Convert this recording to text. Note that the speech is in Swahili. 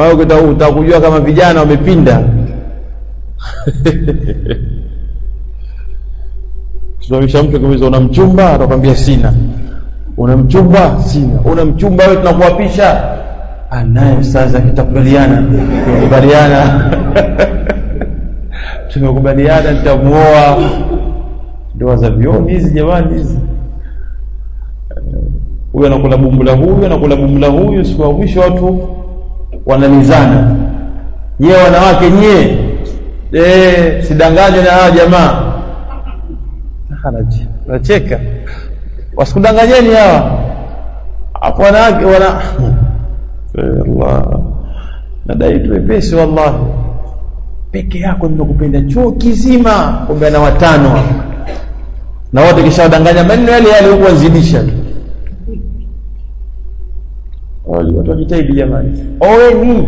maana utakujua kama vijana wamepinda. Kisimamisha mtu akimuuliza una mchumba, atakwambia sina. Una mchumba? Sina. Una mchumba wewe, tunakuapisha anaye. Sasa kitakubaliana tumekubaliana, tumekubaliana nitamuoa. Ndoa za vioni hizi jamani, hizi huyu anakula bumbula huyu anakula bumbula huyu, siku ya mwisho watu wanalizana Nyie wanawake nyie, eh, sidanganywe na hawa jamaa. Nacheka, wasikudanganyeni hawa hapo wanawake wana eh, Allah nadai tu wepesi, wallahi peke yako nimekupenda chuo kizima, kumbe na watano na wote kishawadanganya maneno yale yale, huku wazidisha tu watajitahidi jamani, oweni